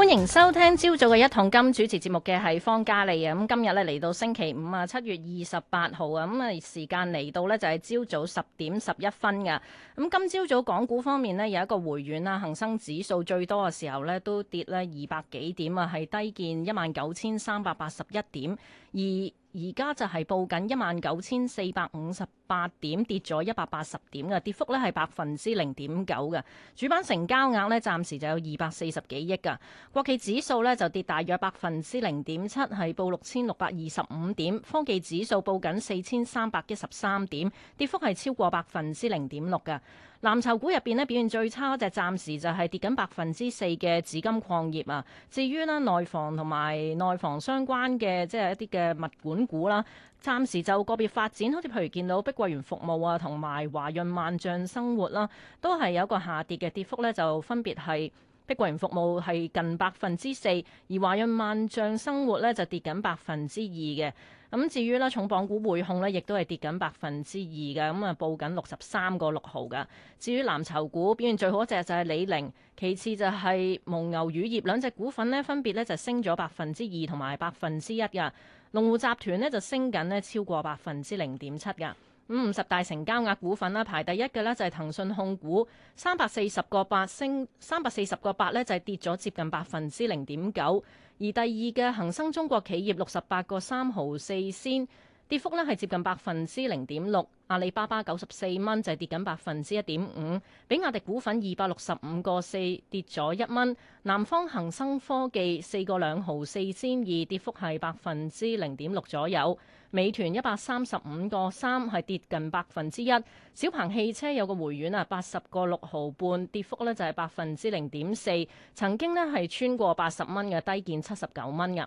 歡迎收聽朝早嘅一桶金，主持節目嘅係方嘉莉啊，咁今日咧嚟到星期五啊，七月二十八號啊，咁啊時間嚟到咧就係朝早十點十一分嘅，咁今朝早港股方面咧有一個回軟啦，恒生指數最多嘅時候咧都跌咧二百幾點啊，係低見一萬九千三百八十一點二。而而家就係報緊一萬九千四百五十八點，跌咗一百八十點嘅跌幅咧，係百分之零點九嘅。主板成交額咧，暫時就有二百四十幾億嘅。國企指數咧就跌大約百分之零點七，係報六千六百二十五點。科技指數報緊四千三百一十三點，跌幅係超過百分之零點六嘅。藍籌股入邊咧，表現最差嗰隻，暫時就係跌緊百分之四嘅紫金礦業啊。至於咧，內房同埋內房相關嘅，即係一啲嘅物管股啦，暫時就個別發展，好似譬如見到碧桂園服務啊，同埋華潤萬象生活啦，都係有一個下跌嘅跌幅咧，就分別係，碧桂園服務係近百分之四，而華潤萬象生活咧就跌緊百分之二嘅。咁至於咧重磅股匯控咧，亦都係跌緊百分之二嘅。咁啊，報緊六十三個六毫噶。至於藍籌股表現最好嗰隻就係李寧，其次就係蒙牛乳業兩隻股份呢，分別咧就升咗百分之二同埋百分之一噶。龍湖集團呢，就升緊咧超過百分之零點七噶。五十大成交額股份啦，排第一嘅咧就係騰訊控股，三百四十個八升，三百四十個八咧就係跌咗接近百分之零點九，而第二嘅恒生中國企業六十八個三毫四先。跌幅呢係接近百分之零點六，阿里巴巴九十四蚊就係跌緊百分之一點五，比亞迪股份二百六十五個四跌咗一蚊，南方恒生科技四個兩毫四千二，跌幅係百分之零點六左右，美團一百三十五個三係跌近百分之一，小鵬汽車有個回軟啊，八十個六毫半，跌幅呢就係百分之零點四，曾經呢係穿過八十蚊嘅低見，七十九蚊嘅。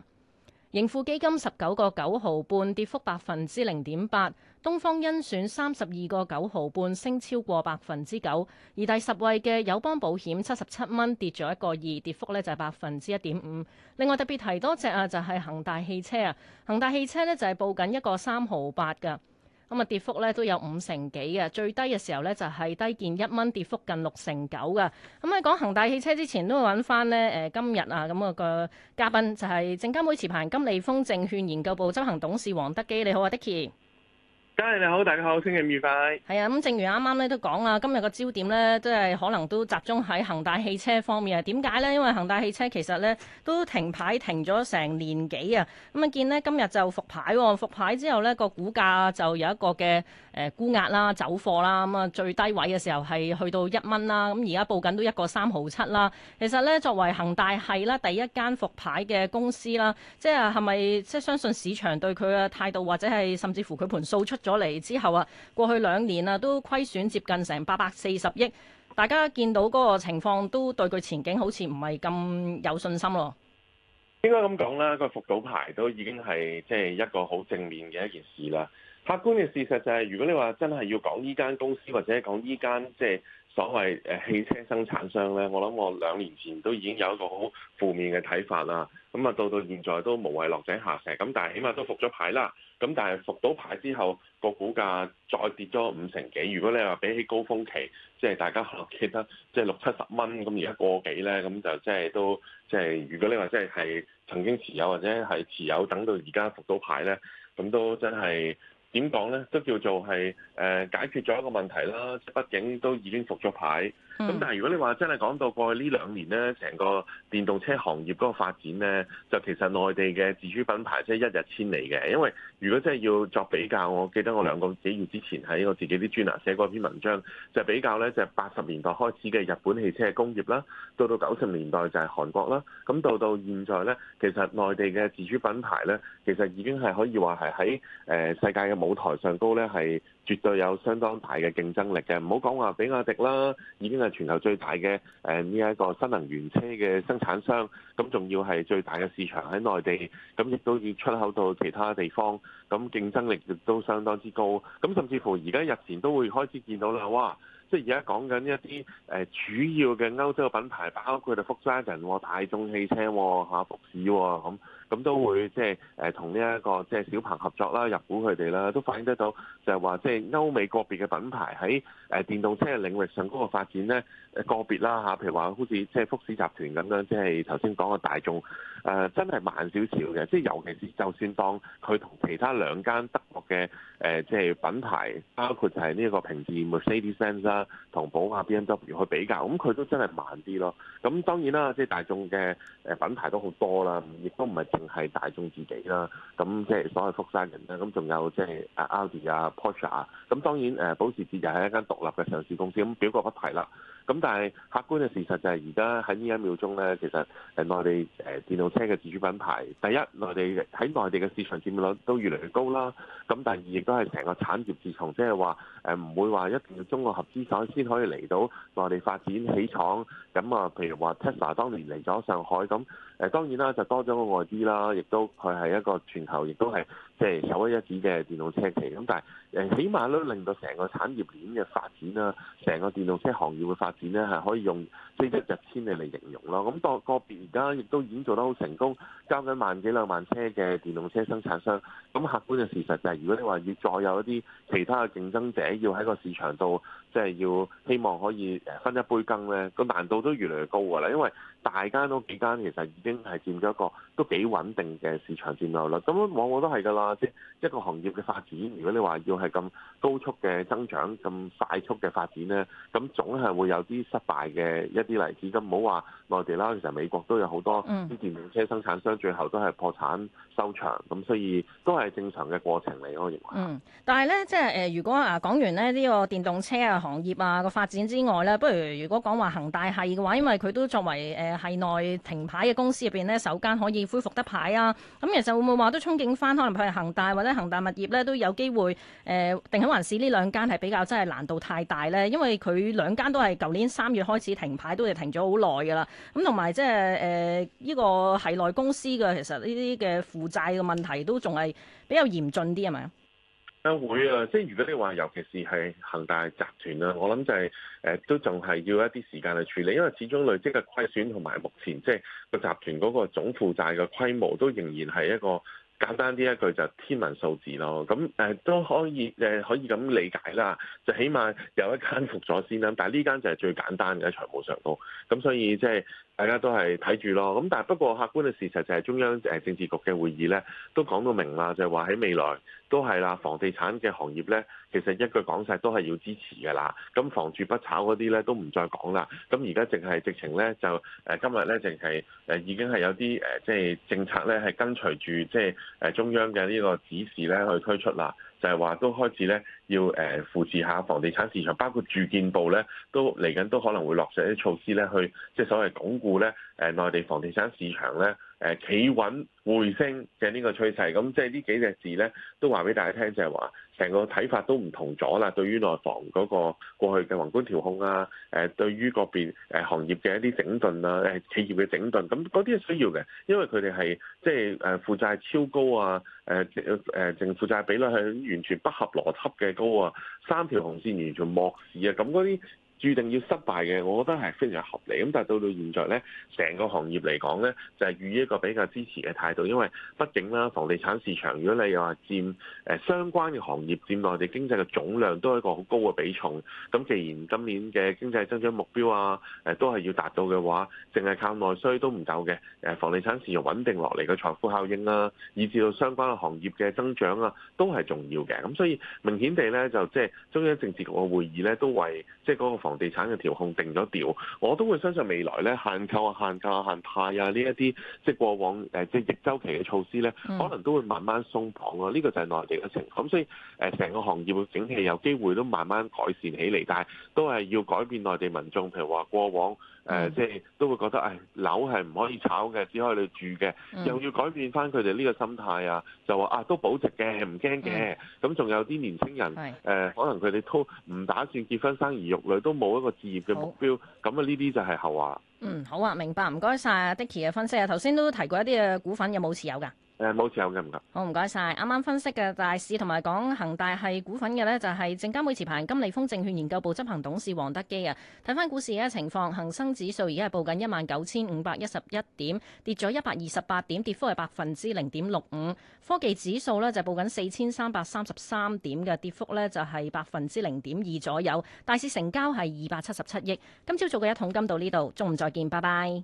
盈富基金十九個九毫半，跌幅百分之零點八。東方甄選三十二個九毫半，升超過百分之九。而第十位嘅友邦保險七十七蚊，跌咗一個二，跌幅呢就係百分之一點五。另外特別提多隻啊，就係恒大汽車啊，恒大汽車呢，就係報緊一個三毫八㗎。咁啊，跌幅咧都有五成幾嘅，最低嘅時候咧就係低見一蚊，跌幅近六成九嘅。咁喺講恒大汽車之前，都揾翻咧誒今日啊，咁、這、啊個嘉賓就係證監會持牌金利豐證券研究部執行董事黃德幾，你好啊，迪傑。家人你好，大家好，星期五愉快。係啊，咁正如啱啱咧都講啦，今日個焦點咧都係可能都集中喺恒大汽車方面啊？點解咧？因為恒大汽車其實咧都停牌停咗成年幾啊，咁啊見咧今日就復牌，復牌之後咧個股價就有一個嘅誒沽壓啦、走貨啦，咁啊最低位嘅時候係去到一蚊啦，咁而家報緊都一個三毫七啦。其實咧作為恒大係啦第一間復牌嘅公司啦，即係係咪即係相信市場對佢嘅態度，或者係甚至乎佢盤數出？咗嚟之後啊，過去兩年啊都虧損接近成八百四十億，大家見到嗰個情況都對佢前景好似唔係咁有信心咯。應該咁講啦，個復倒牌都已經係即係一個好正面嘅一件事啦。客觀嘅事實就係，如果你話真係要講呢間公司或者講呢間即係所謂誒汽車生產商呢，我諗我兩年前都已經有一個好負面嘅睇法啦。咁啊，到到現在都無謂落井下石，咁但係起碼都復咗牌啦。咁但係復到牌之後，個股價再跌咗五成幾。如果你話比起高峰期，即係大家可能記得，即係六七十蚊咁，而家過幾咧，咁就即係都即係。如果你話即係係曾經持有或者係持有等到而家復到牌咧，咁都真係點講咧？都叫做係誒解決咗一個問題啦。畢竟都已經復咗牌。咁、嗯、但係如果你話真係講到過去呢兩年咧，成個電動車行業嗰個發展咧，就其實內地嘅自主品牌真係一日千里嘅。因為如果真係要作比較，我記得我兩個幾月之前喺我自己啲專欄寫過一篇文章，就比較咧就係八十年代開始嘅日本汽車工業啦，到到九十年代就係韓國啦，咁到到現在咧，其實內地嘅自主品牌咧，其實已經係可以話係喺誒世界嘅舞台上高咧係。絕對有相當大嘅競爭力嘅，唔好講話比亞迪啦，已經係全球最大嘅誒呢一個新能源車嘅生產商，咁、嗯、仲要係最大嘅市場喺內地，咁、嗯、亦都要出口到其他地方，咁、嗯、競爭力亦都相當之高，咁、嗯、甚至乎而家日前都會開始見到啦，哇！即係而家講緊一啲誒主要嘅歐洲嘅品牌，包括到福士人、大眾汽車、嚇福士咁，咁都會即係誒同呢一個即係、就是、小鵬合作啦，入股佢哋啦，都反映得到就係話，即、就、係、是、歐美個別嘅品牌喺誒電動車領域上嗰個發展咧誒個別啦嚇，譬如話好似即係福士集團咁樣，即係頭先講嘅大眾誒、呃，真係慢少少嘅，即係尤其是就算當佢同其他兩間。嘅誒，即係品牌，包括就係呢一個平治咪 Mercedes 啦，同寶馬 BMW 去比較，咁佢都真係慢啲咯。咁當然啦，即係大眾嘅誒品牌都好多啦，亦都唔係淨係大眾自己啦。咁即係所謂福山人啦，咁仲有即係阿 Audi 啊、Porsche 啊。咁當然誒，保時捷又係一間獨立嘅上市公司。咁表過不提啦。咁但係客觀嘅事實就係，而家喺呢一秒鐘咧，其實誒內地誒電動車嘅自主品牌，第一內地喺內地嘅市場佔有率都越嚟越高啦。咁第二亦都係成個產業自從即係話誒唔會話一定要中國合資廠先可以嚟到內地發展起廠。咁啊，譬如話 Tesla 當年嚟咗上海咁。誒當然啦，就多咗個外資啦，亦都佢係一個全球，亦都係即係首屈一指嘅電動車企。咁但係起碼都令到成個產業鏈嘅發展啦，成個電動車行業嘅發展呢，係可以用「即一日千里」嚟形容咯。咁、那個個別而家亦都已經做得好成功，交緊萬幾兩萬車嘅電動車生產商。咁客觀嘅事實就係、是，如果你話要再有一啲其他嘅競爭者要喺個市場度。即係要希望可以誒分一杯羹咧，個難度都越嚟越高㗎啦。因為大家都幾間，其實已經係佔咗一個都幾穩定嘅市場佔有率。咁往往都係㗎啦，即係一個行業嘅發展。如果你話要係咁高速嘅增長、咁快速嘅發展咧，咁總係會有啲失敗嘅一啲例子。咁唔好話內地啦，其實美國都有好多啲電動車生產商、嗯、最後都係破產收場。咁所以都係正常嘅過程嚟，我認為。嗯，但係咧，即係誒、呃，如果啊講完咧呢個電動車啊，行業啊個發展之外呢，不如如果講話恒大係嘅話，因為佢都作為誒係、呃、內停牌嘅公司入邊呢，首間可以恢復得牌啊。咁、嗯、其實會唔會話都憧憬返？可能譬如恒大或者恒大物業呢都有機會誒、呃、定喺環市呢兩間係比較真係難度太大呢？因為佢兩間都係舊年三月開始停牌，都係停咗好耐㗎喇。咁同埋即係誒呢個係內公司嘅，其實呢啲嘅負債嘅問題都仲係比較嚴峻啲，係咪啊？會啊啊，即係如果你話，尤其是係恒大集團啊，我諗就係誒都仲係要一啲時間去處理，因為始終累積嘅虧損同埋目前即係個集團嗰個總負債嘅規模都仍然係一個。簡單啲一,一句就天文數字咯，咁、嗯、誒都可以誒、呃、可以咁理解啦，就起碼有一間復咗先啦，但係呢間就係最簡單嘅喺財務上度，咁所以即係大家都係睇住咯，咁但係不過客觀嘅事實就係中央誒政治局嘅會議咧都講到明啦，就係話喺未來都係啦，房地產嘅行業咧其實一句講晒都係要支持㗎啦，咁房住不炒嗰啲咧都唔再講啦，咁而家淨係直情咧就誒今日咧淨係誒已經係有啲誒即係政策咧係跟隨住即係。誒中央嘅呢個指示咧，去推出啦。就係話都開始咧，要誒扶持下房地產市場，包括住建部咧都嚟緊都可能會落實啲措施咧，去即係所謂鞏固咧誒內地房地產市場咧誒企穩回升嘅呢個趨勢。咁即係呢幾隻字咧，都話俾大家聽就係話，成個睇法都唔同咗啦。對於內房嗰個過去嘅宏觀調控啊，誒對於嗰邊行業嘅一啲整頓啊，誒企業嘅整頓啊、企業嘅整頓，咁嗰啲係需要嘅，因為佢哋係即係誒負債超高啊。誒淨誒淨負債比率係完全不合邏輯嘅高啊，三條紅線完全漠視啊，咁嗰啲。注定要失敗嘅，我覺得係非常合理。咁但係到到現在咧，成個行業嚟講咧，就係、是、預一個比較支持嘅態度，因為畢竟啦、啊，房地產市場如果你話佔誒相關嘅行業佔內地經濟嘅總量都係一個好高嘅比重。咁既然今年嘅經濟增長目標啊，誒都係要達到嘅話，淨係靠內需都唔夠嘅。誒房地產市場穩定落嚟嘅財富效應啦、啊，以至到相關嘅行業嘅增長啊，都係重要嘅。咁所以明顯地咧，就即係中央政治局嘅會議咧，都為即係嗰個房。地產嘅調控定咗調，我都會相信未來咧限購、啊、限價、啊、限貸啊呢一啲，即係過往誒即係逆周期嘅措施咧，可能都會慢慢鬆綁咯。呢、這個就係內地嘅情況咁、嗯、所以誒成個行業嘅整體有機會都慢慢改善起嚟，但係都係要改變內地民眾，譬如話過往。誒，即係都會覺得，誒樓係唔可以炒嘅，只可以你住嘅，嗯、又要改變翻佢哋呢個心態啊！就話啊，都保值嘅，唔驚嘅。咁仲、嗯、有啲年輕人，誒是、呃，可能佢哋都唔打算結婚生兒育女，都冇一個置業嘅目標。咁啊好，呢啲就係後話。嗯，好啊，明白，唔該晒啊，Dicky 嘅分析啊，頭先都提過一啲嘅股份，有冇持有㗎？冇持有嘅。唔好，唔該晒。啱啱分析嘅大市同埋講恒大系股份嘅呢，就係證監會持牌金利豐證券研究部執行董事黃德幾啊。睇返股市嘅情況，恒生指數而家係報緊一萬九千五百一十一點，跌咗一百二十八點，跌幅係百分之零點六五。科技指數呢，就係報緊四千三百三十三點嘅跌幅呢，就係百分之零點二左右。大市成交係二百七十七億。今朝早嘅一桶金到呢度，中午再見，拜拜。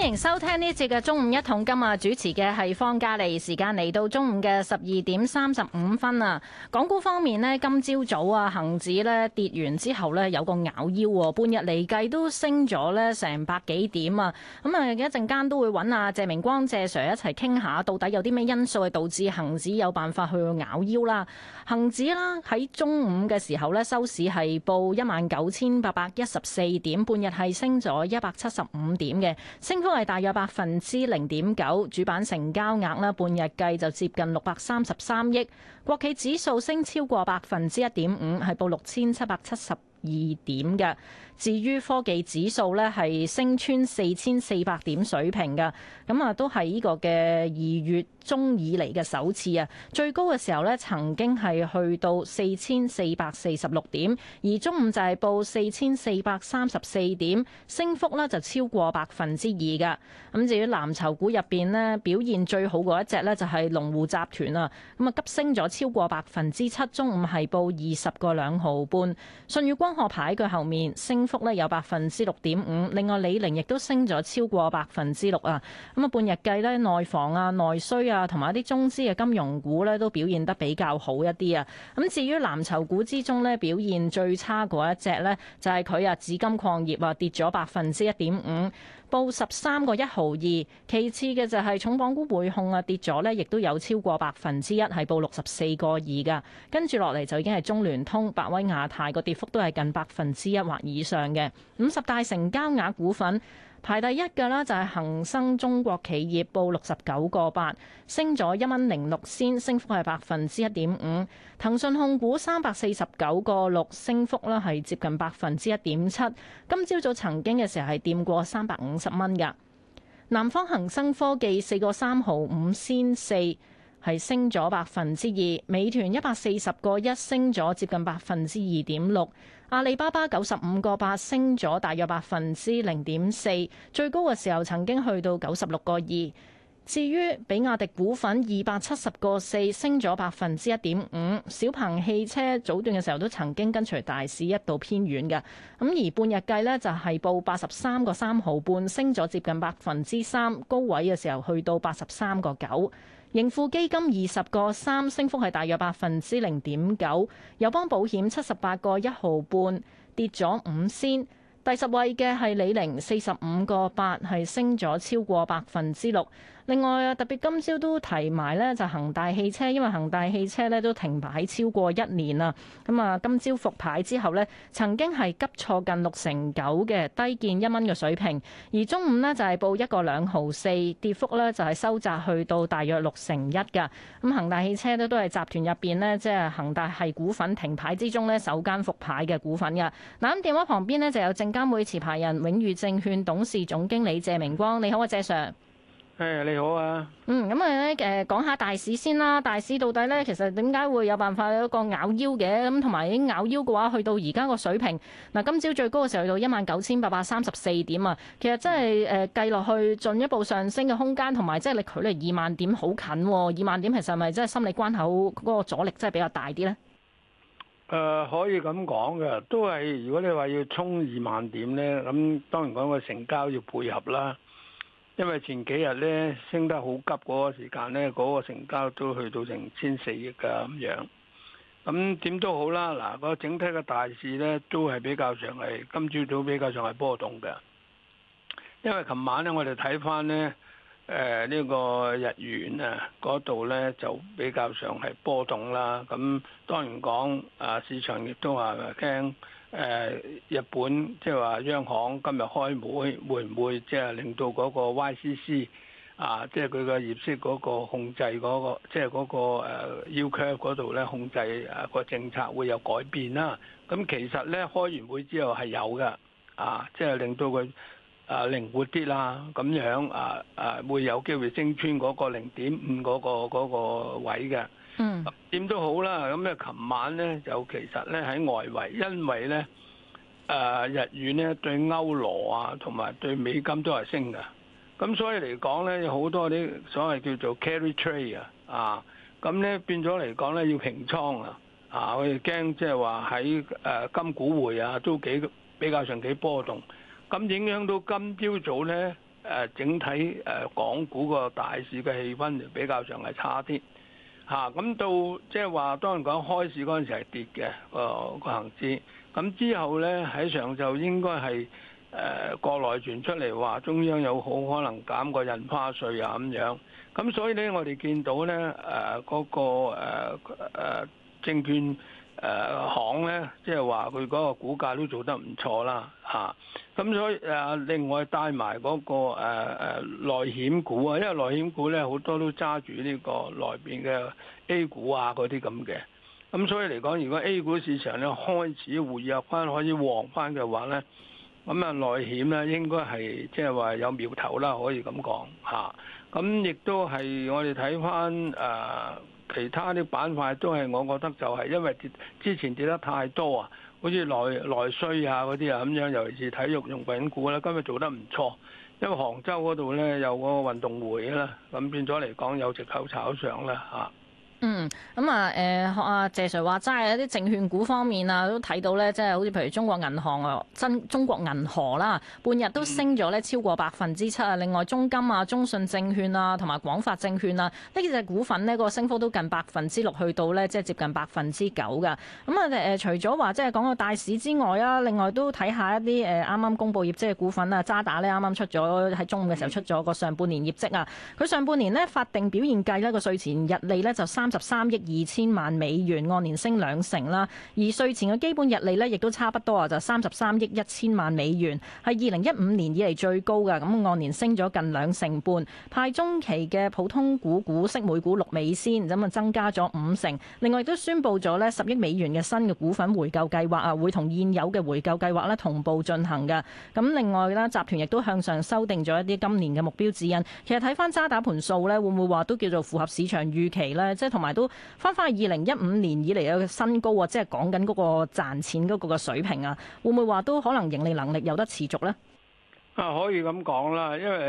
歡迎收聽呢節嘅中午一桶金，今日主持嘅係方家麗，時間嚟到中午嘅十二點三十五分啦。港股方面呢今朝早啊，恒指呢跌完之後呢，有個咬腰，半日嚟計都升咗呢成百幾點啊！咁啊，一陣間都會揾阿謝明光謝 Sir 一齊傾下，到底有啲咩因素係導致恒指有辦法去咬腰啦？恒指啦喺中午嘅時候呢，收市係報一萬九千八百一十四點，半日係升咗一百七十五點嘅，升幅。都係大約百分之零點九，主板成交額呢半日計就接近六百三十三億，國企指數升超過百分之一點五，係報六千七百七十二點嘅，至於科技指數咧，係升穿四千四百點水平嘅，咁啊都係呢個嘅二月中以嚟嘅首次啊！最高嘅時候咧，曾經係去到四千四百四十六點，而中午就係報四千四百三十四點，升幅咧就超過百分之二嘅。咁至於藍籌股入邊咧，表現最好嘅一隻咧就係龍湖集團啊，咁啊急升咗超過百分之七，中午係報二十個兩毫半，信宇光。科學牌喺佢後面，升幅咧有百分之六點五。另外李寧亦都升咗超過百分之六啊。咁啊，半日計咧，內房啊、內需啊，同埋一啲中資嘅金融股咧，都表現得比較好一啲啊。咁至於藍籌股之中咧，表現最差嗰一隻咧，就係佢啊，紫金礦業啊，跌咗百分之一點五。報十三個一毫二，其次嘅就係重磅股匯控啊跌咗呢，亦都有超過百分之一係報六十四個二噶，跟住落嚟就已經係中聯通、百威亞太個跌幅都係近百分之一或以上嘅，五十大成交額股份。排第一嘅呢，就係恒生中國企業，報六十九個八，升咗一蚊零六仙，升幅係百分之一點五。騰訊控股三百四十九個六，升幅呢係接近百分之一點七。今朝早曾經嘅時候係掂過三百五十蚊㗎。南方恒生科技四個三毫五仙四，係升咗百分之二。美團一百四十個一，升咗接近百分之二點六。阿里巴巴九十五個八升咗大約百分之零點四，最高嘅時候曾經去到九十六個二。至於比亞迪股份二百七十個四升咗百分之一點五，小鵬汽車早段嘅時候都曾經跟隨大市一度偏軟嘅咁，而半日計呢，就係報八十三個三毫半升咗接近百分之三，高位嘅時候去到八十三個九。盈富基金二十個三升幅係大約百分之零點九，友邦保險七十八個一毫半跌咗五仙，第十位嘅係李寧，四十五個八係升咗超過百分之六。另外啊，特別今朝都提埋咧，就恒大汽車，因為恒大汽車咧都停牌超過一年啦。咁啊，今朝復牌之後呢，曾經係急挫近六成九嘅低見一蚊嘅水平，而中午呢，就係報一個兩毫四，跌幅呢就係收窄去到大約六成一㗎。咁恒大汽車咧都係集團入邊呢，即係恒大係股份停牌之中呢首間復牌嘅股份㗎。嗱，咁電話旁邊呢，就有證監會持牌人永裕證券董事總經理謝明光，你好啊，我謝 Sir。誒，你好啊！嗯，咁啊咧，誒，講下大市先啦。大市到底咧，其實點解會有辦法有一個拗腰嘅？咁同埋喺拗腰嘅話，去到而家個水平，嗱，今朝最高嘅時候去到一萬九千八百三十四點啊。其實真係誒，計落去進一步上升嘅空間，同埋即係你距離二萬點好近。二萬點其實係咪真係心理關口嗰個阻力，真係比較大啲咧？誒、呃，可以咁講嘅，都係如果你話要衝二萬點咧，咁當然講個成交要配合啦。因為前幾日咧升得好急嗰個時間咧，嗰、嗰個成交都去到成千四億啊咁樣。咁點都好啦，嗱、個整體嘅大市呢，都係比較上係今朝早比較上係波動嘅。因為琴晚呢，我哋睇翻呢誒呢、呃呢個日元啊嗰度呢，就比較上係波動啦。咁當然講啊市場亦都話聽。誒日本即係話央行今日開會，會唔會即係令到嗰個 YCC 啊，即係佢個業績嗰個控制嗰個，即係嗰個誒 UQ 嗰度咧控制誒個政策會有改變啦？咁其實咧開完會之後係有嘅，啊，即係令到佢啊靈活啲啦，咁樣啊啊會有機會升穿嗰個零點五嗰個嗰個位嘅。嗯，點都好啦。咁咧，琴晚咧就其實咧喺外圍，因為咧誒、呃、日元咧對歐羅啊，同埋對美金都係升嘅。咁所以嚟講咧，有好多啲所謂叫做 carry trade 啊，啊咁咧變咗嚟講咧要平倉啊，啊我哋驚即係話喺誒金股匯啊都幾比較上幾波動，咁影響到今朝早咧誒整體誒港股個大市嘅氣氛就比較上係差啲。嚇！咁、啊、到即係話，當人講開市嗰陣時係跌嘅，個個恆指。咁之後呢，喺上晝就應該係誒、呃、國內傳出嚟話中央有好可能減個印花稅啊咁樣。咁所以呢，我哋見到呢誒嗰、呃那個誒誒、呃、證券。誒、呃、行咧，即係話佢嗰個股價都做得唔錯啦，嚇、啊！咁所以誒、啊，另外帶埋嗰、那個誒誒、呃呃、內險股啊，因為內險股咧好多都揸住呢個內邊嘅 A 股啊嗰啲咁嘅，咁所以嚟講，如果 A 股市場咧開始活躍翻，可以旺翻嘅話咧，咁啊內險咧應該係即係話有苗頭啦，可以咁講嚇。咁、啊、亦都係我哋睇翻誒。呃其他啲板塊都係，我覺得就係因為跌之前跌得太多啊，好似內內需啊嗰啲啊咁樣，尤其是體育用品股啦，今日做得唔錯，因為杭州嗰度呢有個運動會啦，咁變咗嚟講有藉口炒上啦嚇。嗯，咁、嗯、啊，誒，學啊謝瑞話齋，齋啊，啲證券股方面啊，都睇到咧，即係好似譬如中國銀行啊、真中國銀河啦，半日都升咗咧超過百分之七啊。另外中金啊、中信證券啊、同埋廣發證券啊，呢幾隻股份咧、個升幅都近百分之六，去到咧即係接近百分之九噶。咁啊誒，除咗話，即係講個大市之外啊，另外都睇下一啲誒啱啱公布業績嘅股份啊，渣打咧啱啱出咗喺中午嘅時候出咗個上半年業績啊。佢上半年咧法定表現計咧、個稅前日利咧就三。三十三億二千萬美元，按年升兩成啦。而稅前嘅基本日利呢，亦都差不多啊，就三十三億一千萬美元，係二零一五年以嚟最高嘅，咁按年升咗近兩成半。派中期嘅普通股股息每股六美仙，咁啊增加咗五成。另外亦都宣佈咗呢十億美元嘅新嘅股份回購計劃啊，會同現有嘅回購計劃呢同步進行嘅。咁另外咧集團亦都向上修訂咗一啲今年嘅目標指引。其實睇翻渣打盤數呢，會唔會話都叫做符合市場預期呢？即係同。同埋都翻翻二零一五年以嚟嘅新高啊，即係講緊嗰個賺錢嗰個嘅水平啊，會唔會話都可能盈利能力有得持續咧？啊，可以咁講啦，因為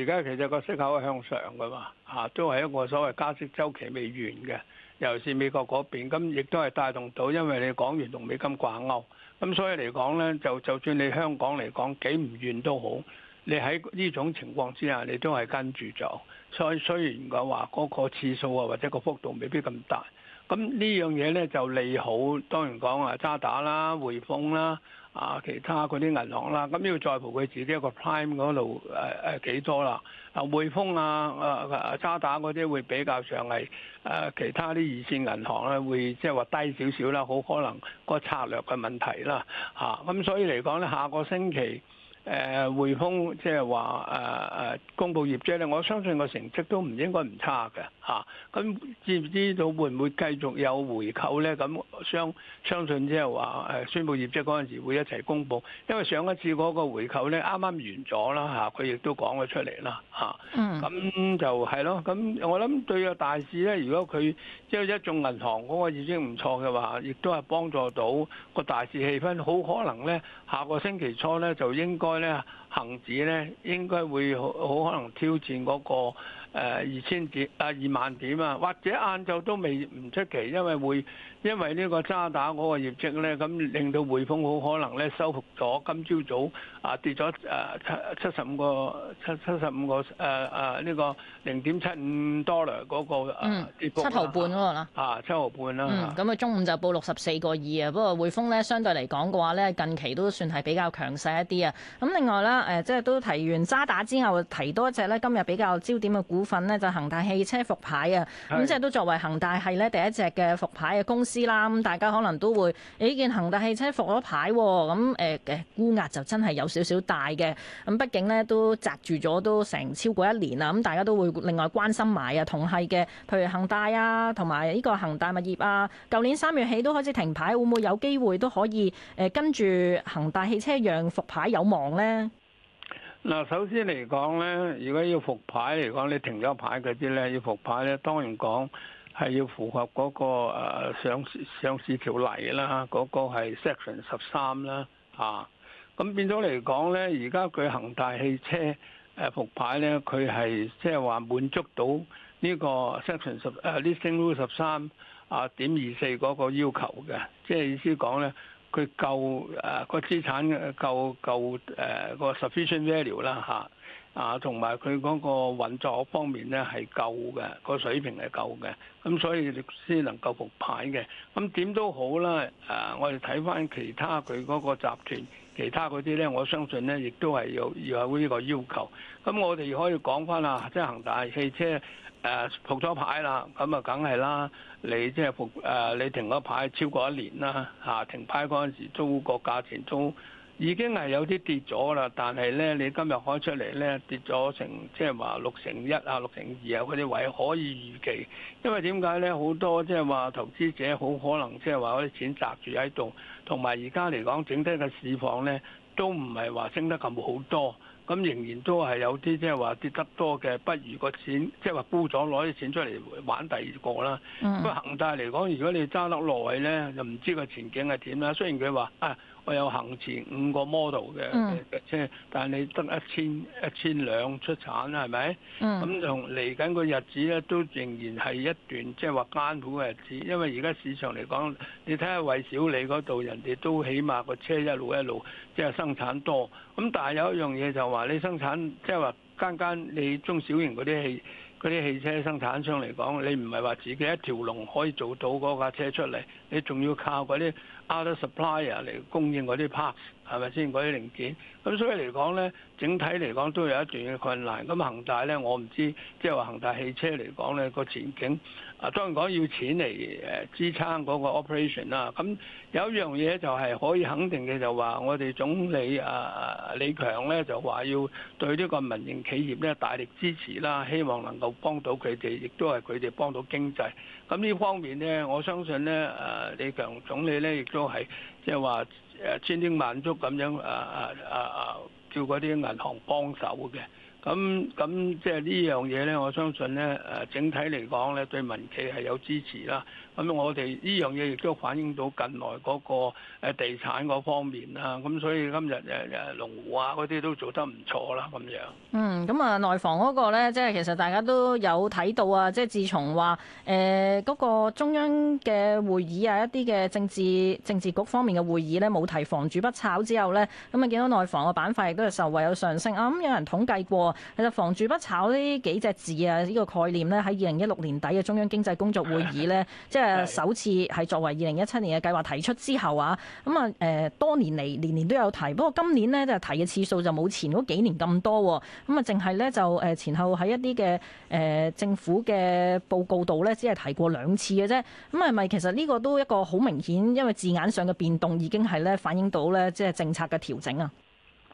而家其實個息口向上噶嘛，吓都係一個所謂加息週期未完嘅，尤其是美國嗰邊，咁亦都係帶動到，因為你港元同美金掛鈎，咁所以嚟講咧，就就算你香港嚟講幾唔願都好，你喺呢種情況之下，你都係跟住咗。雖雖然講話嗰個次數啊，或者個幅度未必咁大，咁呢樣嘢咧就利好。當然講啊渣打啦、匯豐啦啊其他嗰啲銀行啦，咁、啊、要在乎佢自己一個 prime 嗰度誒誒、啊啊、幾多啦。啊匯豐啊啊渣打嗰啲會比較上係誒、啊、其他啲二線銀行咧會即係話低少少啦，好可能個策略嘅問題啦嚇。咁、啊啊、所以嚟講咧，下個星期。誒匯豐即係話誒誒公佈業績咧，我相信個成績都唔應該唔差嘅嚇。咁、啊、知唔知道會唔會繼續有回購咧？咁相相信即係話誒宣佈業績嗰陣時會一齊公佈，因為上一次嗰個回購咧啱啱完咗啦嚇，佢、啊、亦都講咗出嚟啦嚇。咁、啊 mm. 就係咯，咁我諗對個大市咧，如果佢即係一眾銀行嗰個已經唔錯嘅話，亦都係幫助到個大市氣氛，好可能咧下個星期初咧就應該。咧，恒指咧應該會好好可能挑戰嗰個誒二千點啊二萬點啊，或者晏晝都未唔出奇，因為會。因為呢個渣打嗰個業績咧，咁令到匯豐好可能咧收復咗。今朝早啊跌咗誒、呃、七七十五個七七十五個誒誒呢個零點七五多略嗰個跌七毫半嗰個啦。嗯、啊，七毫半啦、啊。咁啊、嗯、中午就報六十四個二啊。不過匯豐咧相對嚟講嘅話咧，近期都算係比較強勢一啲啊。咁另外啦，誒，即係都提完渣打之後，提多一隻咧今日比較焦點嘅股份呢，就恒大汽車復牌啊。咁是即係都作為恒大係咧第一隻嘅復牌嘅公司。師啦，咁大家可能都會，誒，依件恒大汽車復咗牌，咁誒誒，估壓就真係有少少大嘅。咁畢竟咧都揸住咗，都成超過一年啦。咁大家都會另外關心埋啊，同係嘅，譬如恒大啊，同埋依個恒大物業啊，舊年三月起都開始停牌，會唔會有機會都可以誒跟住恒大汽車樣復牌有望咧？嗱，首先嚟講咧，如果要復牌嚟講，你停咗牌嗰啲咧，要復牌咧，當然講，係要符合嗰個上市上市條例啦，嗰、那個係 section 十三啦，嚇、啊。咁變咗嚟講咧，而家佢恒大汽車誒、啊、復牌咧，佢係即係話滿足到呢個 section 十誒 listing rule 十三啊點二四嗰個要求嘅，即係意思講咧，佢夠誒個、啊、資產夠夠誒、啊、個 sufficient value 啦嚇。啊啊，同埋佢嗰個運作方面咧係夠嘅，個水平係夠嘅，咁所以先能夠復牌嘅。咁點都好啦，啊，我哋睇翻其他佢嗰個集團，其他嗰啲咧，我相信咧亦都係要要有呢個要求。咁我哋可以講翻啦，即係恒大汽車誒復咗牌啦，咁啊梗係啦，你即係復誒你停咗牌超過一年啦，嚇停牌嗰陣時租個價錢租。已經係有啲跌咗啦，但係咧，你今日開出嚟咧跌咗成，即係話六成一啊，六成二啊嗰啲位可以預期，因為點解咧？好多即係話投資者好可能即係話嗰啲錢揸住喺度，同埋而家嚟講整體嘅市況咧都唔係話升得咁好多。咁仍然都係有啲即係話跌得多嘅，不如個錢即係話沽咗攞啲錢出嚟玩第二個啦。咁恒大、嗯、嚟講，如果你揸得耐咧，就唔知個前景係點啦。雖然佢話啊，我有行前五個 model 嘅車，嗯、但係你得一千一千兩出產啦，係咪？咁同嚟緊個日子咧，都仍然係一段即係話艱苦嘅日子，因為而家市場嚟講，你睇下蔚小理嗰度，人哋都起碼個車一路一路。即係生產多，咁但係有一樣嘢就話你生產，即係話間間你中小型啲汽嗰啲汽車生產商嚟講，你唔係話自己一條龍可以做到嗰架車出嚟，你仲要靠嗰啲 other supplier 嚟供應嗰啲 parts。係咪先嗰啲零件？咁所以嚟講呢，整體嚟講都有一段嘅困難。咁恒大呢，我唔知即係話恒大汽車嚟講呢個前景。啊，當然講要錢嚟誒支撐嗰個 operation 啦。咁有一樣嘢就係可以肯定嘅，就話我哋總理啊、呃、李強呢，就話要對呢個民營企業呢大力支持啦，希望能夠幫到佢哋，亦都係佢哋幫到經濟。咁呢方面呢，我相信呢，誒、呃、李強總理呢，亦都係即係話，就是誒千叮萬囑咁樣，誒誒誒誒，叫嗰啲銀行幫手嘅。咁咁即係呢樣嘢咧，我相信咧誒，整體嚟講咧，對民企係有支持啦。咁我哋呢樣嘢亦都反映到近來嗰個地產嗰方面啦。咁所以今日誒誒龍湖啊嗰啲都做得唔錯啦，咁樣。嗯，咁啊內房嗰個咧，即係其實大家都有睇到啊。即係自從話誒嗰個中央嘅會議啊，一啲嘅政治政治局方面嘅會議咧，冇提房住不炒之後咧，咁啊見到內房嘅板塊亦都係受惠有上升啊。咁有人統計過。其實房住不炒呢幾隻字啊，呢、呢個概念呢，喺二零一六年底嘅中央經濟工作會議呢，是是是即係首次係作為二零一七年嘅計劃提出之後啊，咁啊誒多年嚟年年都有提，不過今年呢，就提嘅次數就冇前嗰幾年咁多，咁啊淨係呢，就誒前後喺一啲嘅誒政府嘅報告度呢，只係提過兩次嘅啫，咁係咪其實呢個都一個好明顯，因為字眼上嘅變動已經係呢反映到呢，即係政策嘅調整啊？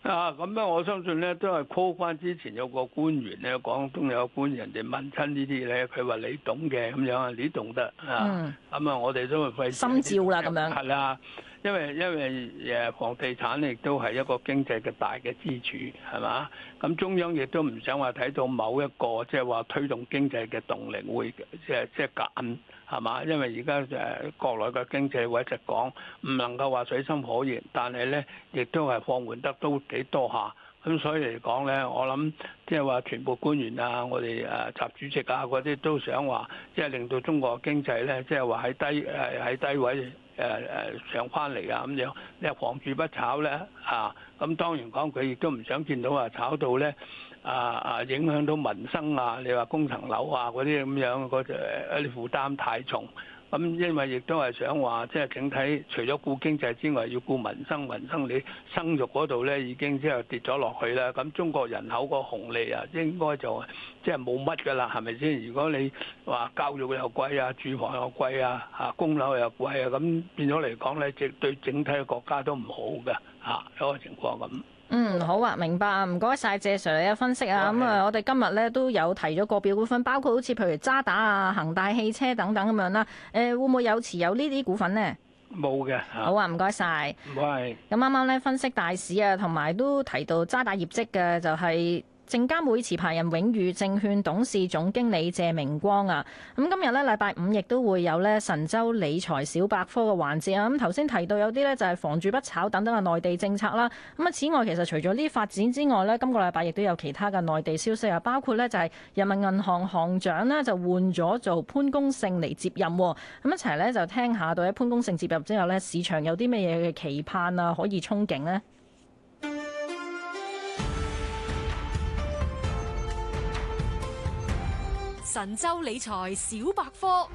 啊，咁咧我相信咧都係 call 返之前有個官員咧，廣東有個官員，人哋問親呢啲咧，佢話你懂嘅咁樣啊，你懂得啊，咁、嗯、啊我哋都係費心照啦咁樣，係啦，啊。樣因為因為誒房地產亦都係一個經濟嘅大嘅支柱，係嘛？咁中央亦都唔想話睇到某一個即係話推動經濟嘅動力會即係即係減，係嘛？因為而家誒國內嘅經濟，我一直講唔能夠話水深火熱，但係咧亦都係放緩得都幾多下。咁所以嚟講咧，我諗即係話全部官員啊，我哋誒習主席啊嗰啲都想話，即係令到中國經濟咧，即係話喺低誒喺低位。誒誒上翻嚟啊咁樣，你話房住不炒咧啊，咁當然講佢亦都唔想見到話炒到咧啊，啊影響到民生啊，你話供層樓啊嗰啲咁樣，嗰誒啲負擔太重。咁因為亦都係想話，即係整體除咗顧經濟之外，要顧民生。民生你生育嗰度咧已經即係跌咗落去啦。咁中國人口個紅利啊，應該就即係冇乜噶啦，係咪先？如果你話教育又貴啊，住房又貴啊，吓供樓又貴啊，咁變咗嚟講咧，即係對整體嘅國家都唔好嘅，吓嗰個情況咁。嗯，好啊，明白啊，唔該晒，謝，謝 Sir 你嘅分析啊。咁啊、哦嗯，我哋今日咧都有提咗個別股份，包括好似譬如渣打啊、恒大汽車等等咁樣啦。誒、呃，會唔會有持有呢啲股份呢？冇嘅。好啊，唔該晒。唔該的。咁啱啱咧分析大市啊，同埋都提到渣打業績嘅，就係、是。證監會持牌人永譽證券董事總經理謝明光啊，咁今日咧，禮拜五亦都會有咧神州理財小百科嘅環節啊，咁頭先提到有啲咧就係房住不炒等等嘅內地政策啦，咁啊，此外其實除咗呢啲發展之外咧，今個禮拜亦都有其他嘅內地消息啊，包括咧就係人民銀行行長咧就換咗做潘功勝嚟接任，咁一齊咧就聽下到底潘功勝接任之後咧，市場有啲咩嘢嘅期盼啊，可以憧憬呢。神州理財小百科，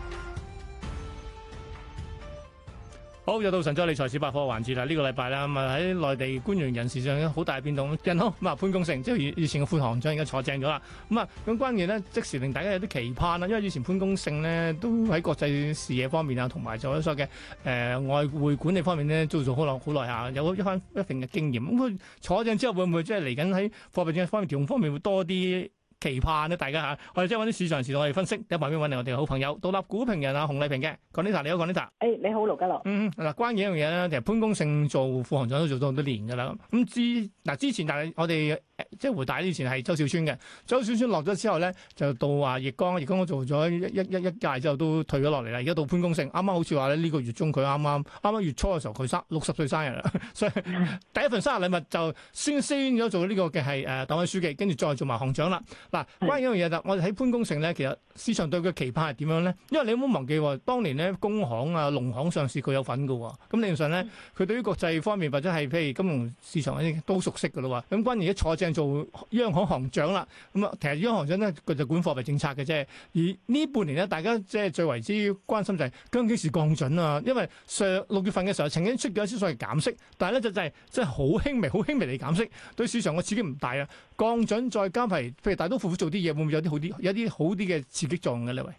好，又到神州理財小百科嘅環節啦。呢個禮拜啦，咪喺內地官員人士上嘅好大嘅變動。銀行咁啊，潘功勝即係以前嘅副行長，而家坐正咗啦。咁啊，咁關鍵咧，即時令大家有啲期盼啊。因為以前潘功勝咧都喺國際事業方面啊，同埋在所嘅誒外匯管理方面咧做咗好耐好耐下，有一番一定嘅經驗。咁佢坐正之後會唔會即係嚟緊喺貨幣政策方面調控方面會多啲？期盼咧，大家嚇、啊，我哋即係揾啲市場時，同我哋分析喺旁邊揾嚟，一我哋嘅好朋友獨立股評人啊，洪麗萍嘅。講呢頭，你好，講呢頭。誒，你好，盧家樂。嗯嗱，關於一樣嘢咧，其實潘功勝做副行長都做咗好多年噶啦。咁之嗱之前，但係我哋即係回大之前係周小川嘅，周小川落咗之後咧，就到啊，易綱，易綱我做咗一一一屆之後都退咗落嚟啦。而家到潘功勝，啱啱好似話咧呢，這個月中佢啱啱啱啱月初嘅時候，佢生六十歲生日啦，所以第一份生日禮物就先先咗做呢個嘅係誒黨委書記，跟住再做埋行長啦。嗱，關於嗰樣嘢就我喺潘功勝咧，其實市場對佢嘅期盼係點樣咧？因為你冇忘記喎，當年咧工行啊、農行上市佢有份嘅喎，咁理論上咧佢對於國際方面或者係譬如金融市場嗰啲都熟悉嘅啦喎。咁而家一坐正做央行行長啦，咁啊其實央行長咧佢就管貨幣政策嘅啫。而呢半年咧大家即係最為之關心就係將幾時降準啊？因為上六月份嘅時候曾經出咗一啲所謂減息，但係咧就係、就係即係好輕微、好輕微嚟減息，對市場嘅刺激唔大啊。降準再加埋，譬如大都府府做啲嘢，會唔會有啲好啲，有啲好啲嘅刺激作用嘅咧？喂，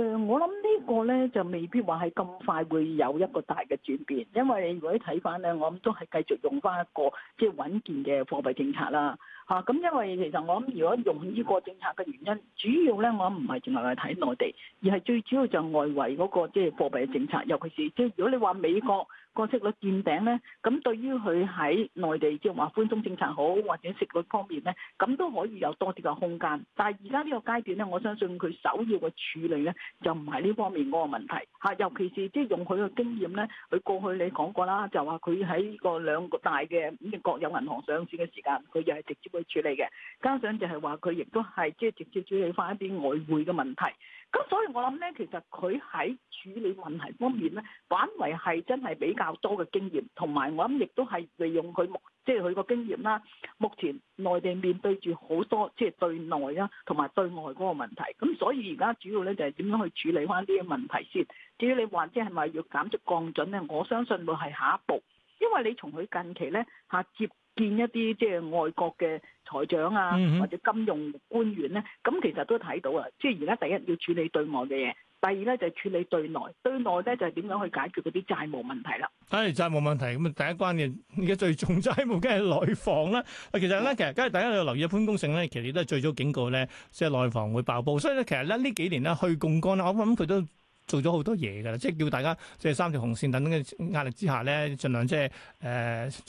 誒，我諗呢個咧就未必話，係咁快會有一個大嘅轉變，因為如果你睇翻咧，我諗都係繼續用翻一個即係穩健嘅貨幣政策啦。吓、啊，咁因為其實我諗，如果用呢個政策嘅原因，主要咧我諗唔係淨係去睇內地，而係最主要就外圍嗰個即係貨幣政策，尤其是即係如果你話美國。個息率見頂咧，咁對於佢喺內地即係話寬鬆政策好或者息率方面咧，咁都可以有多啲嘅空間。但係而家呢個階段咧，我相信佢首要嘅處理咧，就唔係呢方面嗰個問題吓。尤其是即係用佢嘅經驗咧，佢過去你講過啦，就話佢喺呢個兩個大嘅呢個國有銀行上市嘅時間，佢又係直接去處理嘅。加上就係話佢亦都係即係直接處理翻一啲外匯嘅問題。咁所以，我諗咧，其實佢喺處理問題方面咧，反為係真係比較多嘅經驗，同埋我諗亦都係利用佢目，即係佢個經驗啦。目前內地面對住好多即係、就是、對內啦同埋對外嗰個問題，咁所以而家主要咧就係、是、點樣去處理翻啲問題先。至於你話即係話要減息降準咧，我相信會係下一步。因為你從佢近期咧嚇接見一啲即係外國嘅財長啊，或者金融官員咧，咁其實都睇到啊，即係而家第一要處理對外嘅嘢，第二咧就係處理對內，對內咧就係點樣去解決嗰啲債務問題啦。誒，債務問題咁啊，第一關鍵而家最重債務梗係內房啦。啊，其實咧，其實梗係大家要留意潘功勝咧，其實亦都係最早警告咧，即係內房會爆煲。所以咧，其實咧呢幾年咧去槓桿啦，我諗佢都做咗好多嘢噶啦，即係叫大家即係三條紅線等等嘅壓力之下咧，儘量、呃、盡量即係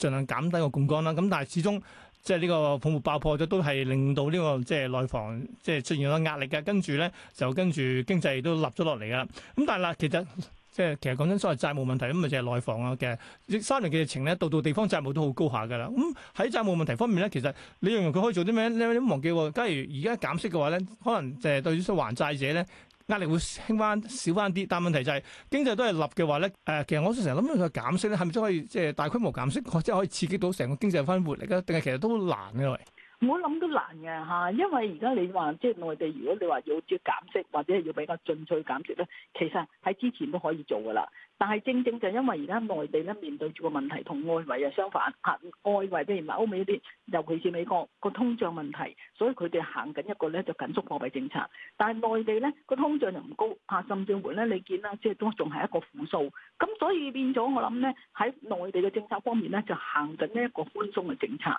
誒，儘量減低個槓桿啦。咁但係始終即係呢個泡沫爆破咗，都係令到呢、這個即係內房即係出現咗壓力嘅。跟住咧，就跟住經濟都立咗落嚟啦。咁但係啦，其實即係其實講真，所謂債務問題咁咪就係內房啊嘅三年嘅疫情咧，到到地方債務都好高下噶啦。咁喺債務問題方面咧，其實你用用佢可以做啲咩咧？你忘記，假如而家減息嘅話咧，可能誒對住啲還債者咧。壓力會輕翻少翻啲，但係問題就係、是、經濟都係立嘅話咧，誒、呃，其實我想成日諗到佢減息咧，係咪真可以即係、就是、大規模減息，或者可以刺激到成個經濟翻活力啊？定係其實都好難嘅。我諗都難嘅嚇，因為而家你話即係內地，如果你話要即係減息或者係要比較進取減息咧，其實喺之前都可以做噶啦。但係正正就因為而家內地咧面對住個問題同外圍啊相反嚇，外圍譬如話歐美啲，尤其是美國個通脹問題，所以佢哋行緊一個咧就緊縮貨幣政策。但係內地咧個通脹又唔高，啊，甚至乎咧你見啦，即係都仲係一個負數。咁所以變咗我諗咧喺內地嘅政策方面咧就行緊呢一個寬鬆嘅政策。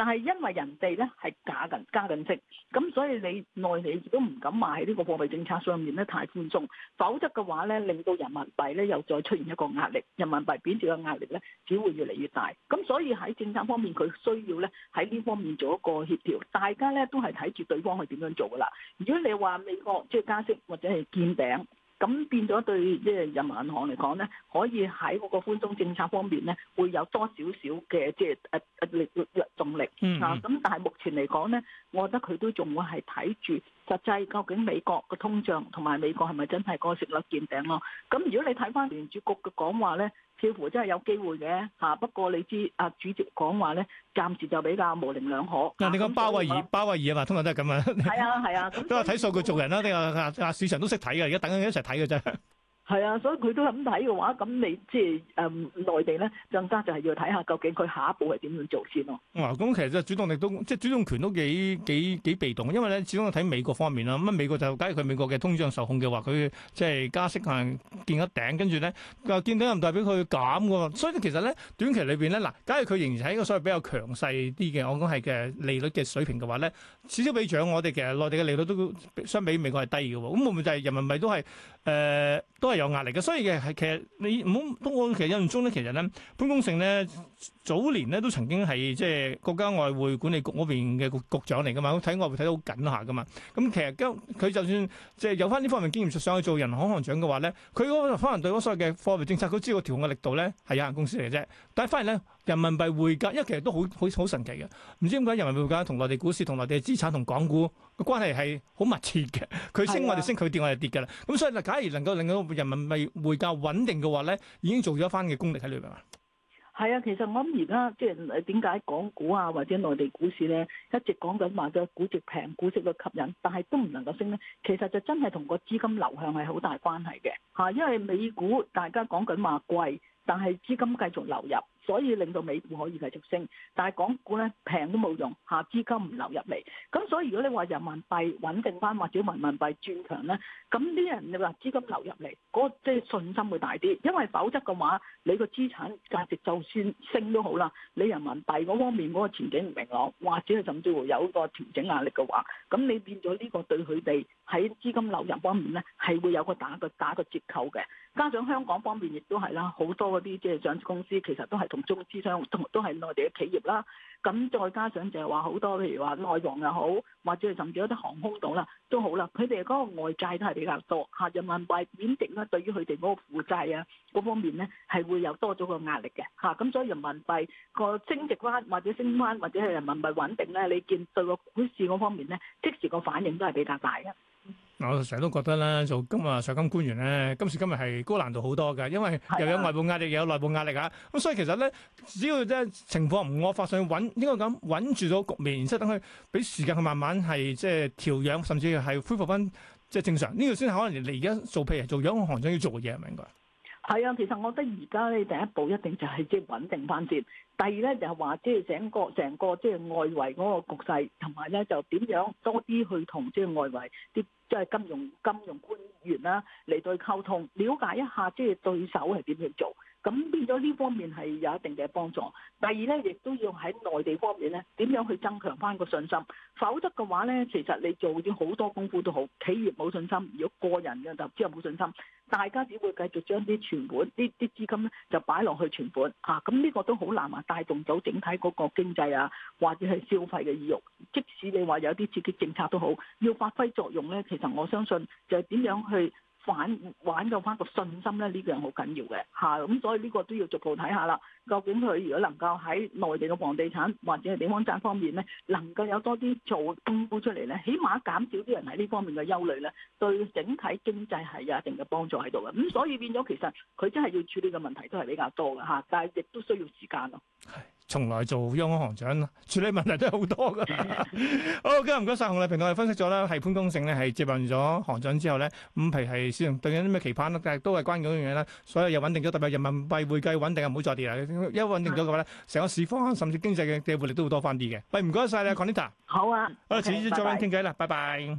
但係因為人哋咧係加緊加緊息，咁所以你內地亦都唔敢話喺呢個貨幣政策上面咧太寬鬆，否則嘅話咧令到人民幣咧又再出現一個壓力，人民幣貶值嘅壓力咧只會越嚟越大。咁所以喺政策方面佢需要咧喺呢方面做一個協調，大家咧都係睇住對方去點樣做噶啦。如果你話美國即係加息或者係見頂。咁變咗對即係人民銀行嚟講咧，可以喺嗰個寬鬆政策方面咧，會有多少少嘅即係誒誒力入入動力啊！咁但係目前嚟講咧，我覺得佢都仲會係睇住實際究竟美國嘅通脹同埋美國係咪真係個息率見頂咯？咁如果你睇翻聯儲局嘅講話咧。似乎真係有機會嘅嚇，不過你知阿主席講話咧，暫時就比較模稜兩可。嗱，你講鮑威爾，鮑威爾啊嘛，通常都係咁樣 啊。係啊，係、嗯、啊，都話睇數據做人啦。定 啊啊，啊市場都識睇嘅，而家等緊一齊睇嘅啫。係啊、嗯，所以佢都咁睇嘅話，咁你即係誒內地咧，更加就係要睇下究竟佢下一步係點樣做先咯。咁其實即主動力都即係主動權都幾幾幾被動，因為咧始終睇美國方面啦。咁啊美國就假如佢美國嘅通脹受控嘅話，佢即係加息係見一頂，跟住咧又見頂又唔代表佢減嘅喎。所以其實咧短期裏邊咧嗱，假如佢仍然喺一個所謂比較強勢啲嘅我講係嘅利率嘅水平嘅話咧，此消彼長，我哋其實內地嘅利率都相比美國係低嘅喎。咁會唔會就係人民幣都係？誒、呃、都係有壓力嘅，所以嘅係其實你唔好通過其實印象中咧，其實咧潘功勝咧早年咧都曾經係即係國家外匯管理局嗰邊嘅局局長嚟噶嘛，睇外匯睇得好緊下噶嘛，咁其實佢就算即係有翻呢方面經驗，想去做人行行長嘅話咧，佢可能分對所謂嘅貨幣政策佢知道個調控嘅力度咧係有限公司嚟啫，但係反而咧。人民幣匯價，因為其實都好好好神奇嘅，唔知點解人民幣匯價同內地股市、同內地資產同港股嘅關係係好密切嘅。佢升我哋升，佢是的 跌我哋跌嘅啦。咁所以嗱，假如能夠令到人民幣匯價穩定嘅話咧，已經做咗一番嘅功力喺裏邊啦。係啊，其實我諗而家即係點解港股啊或者內地股市咧一直講緊話，即係估值平，股息嘅吸引，但係都唔能夠升咧。其實就真係同個資金流向係好大關係嘅嚇，因為美股大家講緊話貴，但係資金繼續流入。所以令到美股可以繼續升，但係港股咧平都冇用吓，資金唔流入嚟。咁所以如果你話人民幣穩定翻，或者人民幣轉強咧，咁啲人你話資金流入嚟，嗰個即係信心會大啲。因為否則嘅話，你個資產價值就算升都好啦，你人民幣嗰方面嗰個前景唔明朗，或者係甚至乎有一個調整壓力嘅話，咁你變咗呢個對佢哋喺資金流入方面咧，係會有個打個打個折扣嘅。加上香港方面亦都係啦，好多嗰啲即係上市公司，其實都係同中資相同，都係內地嘅企業啦。咁再加上就係話好多，譬如話內房又好，或者係甚至一啲航空度啦，都好啦。佢哋嗰個外債都係比較多嚇，人民幣貶值咧，對於佢哋嗰個負債啊嗰方面咧，係會有多咗個壓力嘅嚇。咁所以人民幣個升值關，或者升翻，或者係人民幣穩定咧，你見對個股市嗰方面咧，即時個反應都係比較大嘅。嗱，我成日都覺得咧，做今日上金官員咧，今時今日係高難度好多㗎，因為又有外部壓力，又有內部壓力啊。咁所以其實咧，只要即係情況唔惡化，上去穩應該咁穩住到局面，然之後等佢俾時間去慢慢係即係調養，甚至係恢復翻即係正常，呢個先係可能你而家做譬如做央行長要做嘅嘢係咪應該？係啊，其實我覺得而家咧第一步一定就係即係穩定翻先，第二咧就係話即係成個成個即係外圍嗰個局勢，同埋咧就點樣多啲去同即係外圍啲即係金融金融官員啦嚟對溝通，了解一下即係對手係點去做。咁變咗呢方面係有一定嘅幫助。第二咧，亦都要喺內地方面咧，點樣去增強翻個信心？否則嘅話咧，其實你做咗好多功夫都好，企業冇信心，如果個人嘅就之後冇信心，大家只會繼續將啲存款、啲啲資金咧就擺落去存款。嚇、啊，咁呢個都好難啊，帶動到整體嗰個經濟啊，或者係消費嘅意欲。即使你話有啲刺激政策都好，要發揮作用咧，其實我相信就係點樣去。玩玩夠翻個信心咧，呢樣好緊要嘅嚇，咁、啊、所以呢個都要逐步睇下啦。究竟佢如果能夠喺內地嘅房地產或者係地方爭地方債方面咧，能夠有多啲做公布出嚟咧，起碼減少啲人喺呢方面嘅憂慮咧，對整體經濟係有一定嘅幫助喺度嘅。咁所以變咗其實佢真係要處理嘅問題都係比較多嘅嚇、啊，但係亦都需要時間咯。從來做央行行長處理問題都係 好多噶，好，今日唔該曬洪麗平，我哋分析咗啦，係潘功勝咧係接任咗行長之後咧，五皮係先對緊啲咩期盼啦，但係都係關於一樣嘢啦，所有又穩定咗特別人民幣匯計穩定，唔好再跌啦，一穩定咗嘅話咧，成個市況甚至經濟嘅復活力都會多翻啲嘅。喂，唔該曬你啊，Conita，好啊，好啦的，遲啲 okay, 再傾偈啦，bye bye 拜拜。